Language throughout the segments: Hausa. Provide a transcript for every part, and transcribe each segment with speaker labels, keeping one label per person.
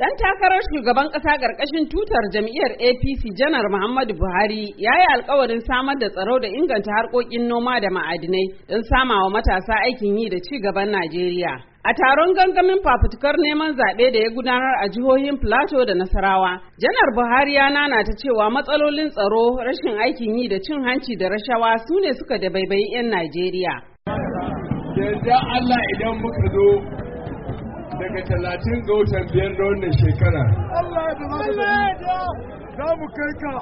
Speaker 1: Dan takarar shugaban kasa ƙarƙashin tutar jam'iyyar APC Janar Muhammadu Buhari ya yi alkawarin samar da tsaro da inganta harkokin noma da ma'adinai don samawa matasa aikin yi da ci gaban Najeriya. A taron gangamin fafutukar neman zaɓe da ya gudanar a jihohin Plateau da Nasarawa, Janar Buhari ya nana ta cewa matsalolin tsaro, rashin aikin yi da cin hanci da rashawa su ne suka da baibayi 'yan Najeriya.
Speaker 2: Yanzu Allah idan muka zo daga talatin ga watan biyar da wannan shekara. Allah ya za mu kai ka.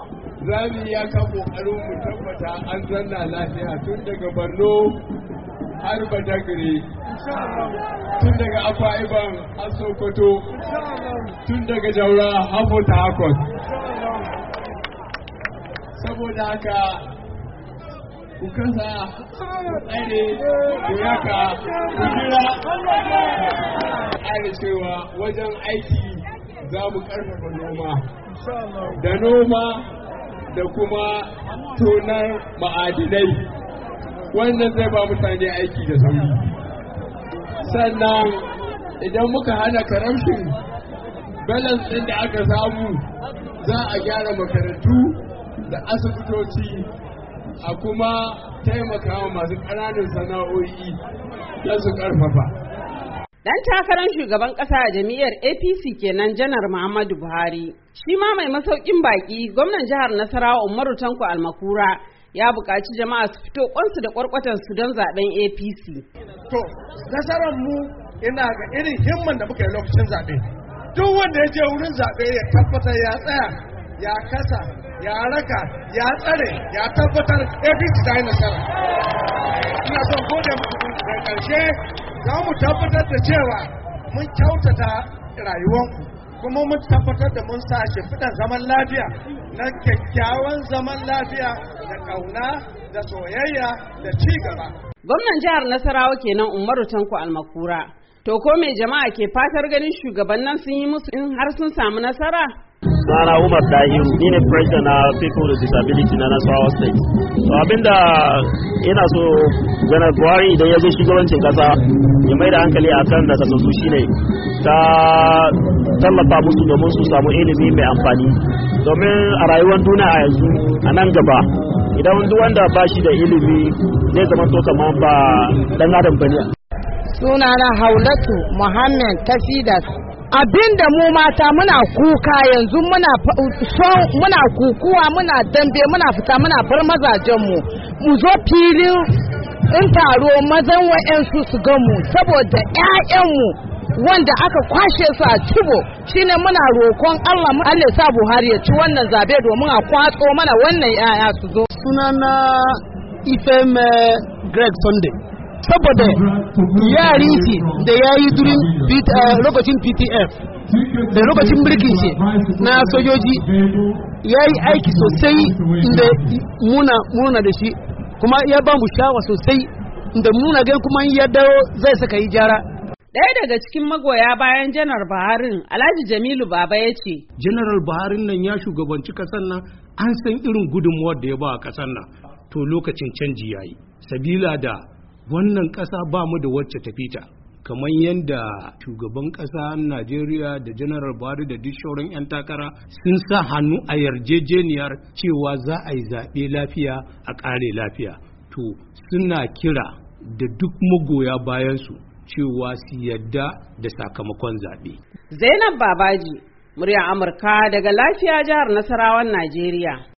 Speaker 2: Za mu yi yaka ƙoƙarin mu tabbata an zanna lafiya tun daga Borno har Badagry. Tun daga Akwa Iban har Sokoto. Tun daga Jaura har Port Harcourt. Saboda haka ku kasa tsare ku yaka ku jira ƙara cewa wajen aiki za mu ƙarfafa noma da noma da kuma tonar ma'adinai wannan zai ba mutane aiki da sauri sannan idan muka hana karamshin balas ɗin da aka samu za a gyara makarantu
Speaker 1: da asibitoci a kuma taimaka wa masu ƙananan sana'o'i don su ƙarfafa. Dan takarar shugaban ƙasa a jam'iyyar APC kenan janar Muhammadu Buhari. Shi ma mai masaukin baki gwamnan jihar Nasarawa Umaru Tanko Almakura ya buƙaci jama'a su fito ƙwansu da ƙwarƙwatan su don zaɓen APC. To, nasarar mu ina ga irin himman da muka yi lokacin zaɓe.
Speaker 2: Duk wanda ya je wurin zaɓe ya tabbatar ya tsaya ya kasa ya raka ya tsare ya tabbatar abc ta yi nasara ina son gode muku da karshe za mu tabbatar da cewa mun kyautata rayuwanku kuma mun tabbatar da mun sa fitan zaman lafiya na kyakkyawan zaman lafiya da ƙauna da soyayya da cigaba.
Speaker 1: Gwamnan jihar Nasarawa kenan Umaru Tanko Almakura. To ko mai jama'a ke fatar ganin shugabannin sun yi musu in har sun samu nasara? Sana Umar Dahiru, ni ne president na People with Disability na Nasarawa State. To abinda ina so janar Buhari idan ya zo shugabancin kasa ya mai da hankali a kan da su shine ta tallafa musu domin su samu ilimi mai amfani. Domin a rayuwar duniya a yanzu a nan gaba idan wanda ba shi da ilimi zai zama to kamar ba dan adam bane. Sunana Haulatu Muhammad Tafida abinda mu mata muna kuka yanzu muna muna kukuwa muna dambe muna fita muna bar mazajenmu mu zo filin in taro mazan wa'yansu su gamu saboda 'ya'yanmu wanda aka kwashe su a cibo shine muna rokon Allah mu Allah sa Buhari ya ci wannan zabe domin a kwatso mana wannan 'ya'ya su zo sunana Ifeme Greg Sunday saboda yari shi da ya yi durin eh, lokacin ptf
Speaker 2: da lokacin birkin ce na sojoji
Speaker 1: ya yi aiki sosai inda muna muna da shi kuma ya ba mu shawa sosai inda muna gan kuma ya dawo zai saka yi jara Daya daga cikin magoya bayan Janar Buharin, Alhaji Jamilu Baba ya ce.
Speaker 2: Janar Buharin nan ya shugabanci kasar nan an san irin gudunmuwar da ya ba a ƙasar nan. To lokacin canji ya yi. Sabila da wannan ƙasa ba mu da wacce tafita kamar yadda shugaban ƙasa najeriya da janar buhari da duk sauran 'yan takara sun sa hannu a yarjejeniyar cewa za a yi zaɓe lafiya a ƙare lafiya to suna kira da duk magoya bayansu cewa su yadda da sakamakon zaɓe
Speaker 1: zainab babaji murya amurka daga lafiya jihar nasarawan najeriya